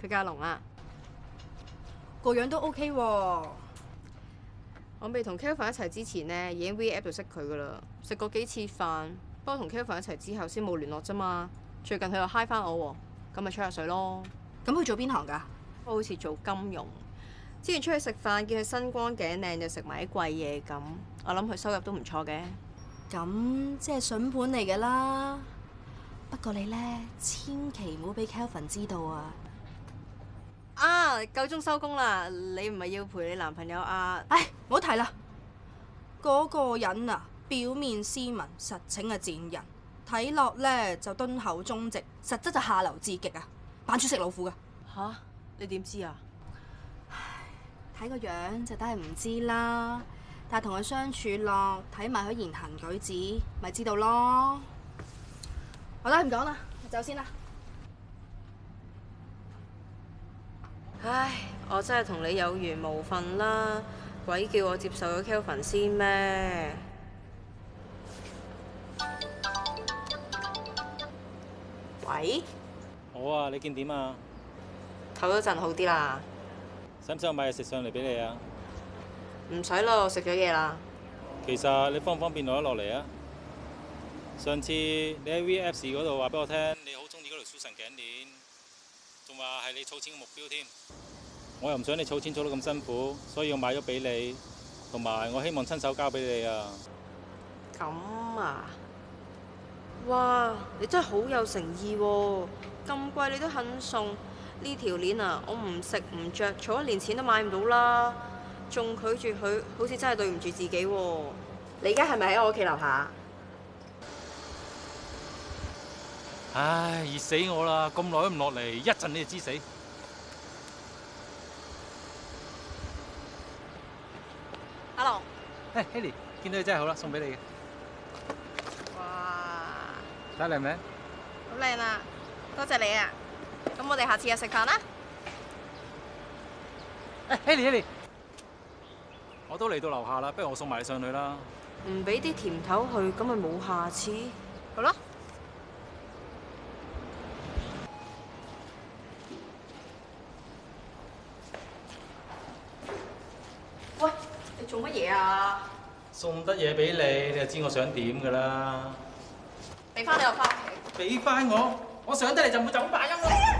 佢架龍啊，個樣都 OK 喎。我未同 Kelvin 一齊之前呢，已經 WeChat 就識佢噶啦。食過幾次飯，不過同 Kelvin 一齊之後先冇聯絡啫嘛。最近佢又 hi 翻我，咁咪吹下水咯。咁佢做邊行噶？我好似做金融。之前出去食飯，見佢身光頸靚，就食埋啲貴嘢咁。我諗佢收入都唔錯嘅。咁即係筍盤嚟噶啦。不過你咧千祈唔好俾 Kelvin 知道啊。啊，夠鐘收工啦！你唔係要陪你男朋友啊？唉，唔好提啦。嗰個人啊，表面斯文，實情係賤人。睇落咧就敦厚忠直，實質就下流至極啊！扮豬食老虎噶。吓，你點知啊？唉，睇個樣就梗係唔知啦。但係同佢相處咯，睇埋佢言行舉止，咪知道咯。好啦，唔講啦，我走先啦。唉，我真係同你有緣無份啦！鬼叫我接受咗 Kelvin 先咩？喂，好啊，你見點啊？唞咗陣好啲啦。使唔使我買嘢食上嚟俾你啊？唔使啦，我食咗嘢啦。其實你方唔方便落一落嚟啊？上次你喺 VFC 嗰度話俾我聽，你好中意嗰條書神頸鏈。仲話係你儲錢嘅目標添，我又唔想你儲錢儲得咁辛苦，所以我買咗俾你，同埋我希望親手交俾你啊。咁啊，哇，你真係好有誠意喎，咁貴你都肯送呢條鏈啊！我唔食唔着，儲一年錢都買唔到啦，仲拒絕佢，好似真係對唔住自己喎。你而家係咪喺我屋企樓下？唉，熱死我啦！咁耐都唔落嚟，一陣你就知死。阿龍，嘿，Hayley，見到你真係好啦，送俾你嘅。哇！睇下靚唔靚？好靚啊！多謝你啊！咁我哋下次又食飯啦。誒，Hayley，Hayley，我都嚟到樓下啦，不如我送埋你上去啦。唔俾啲甜頭去，咁咪冇下次。好囉。乜嘢啊！送得嘢俾你，你就知我想點噶啦。俾翻你又翻屋企，俾翻我，我上得嚟就唔會走埋去。哎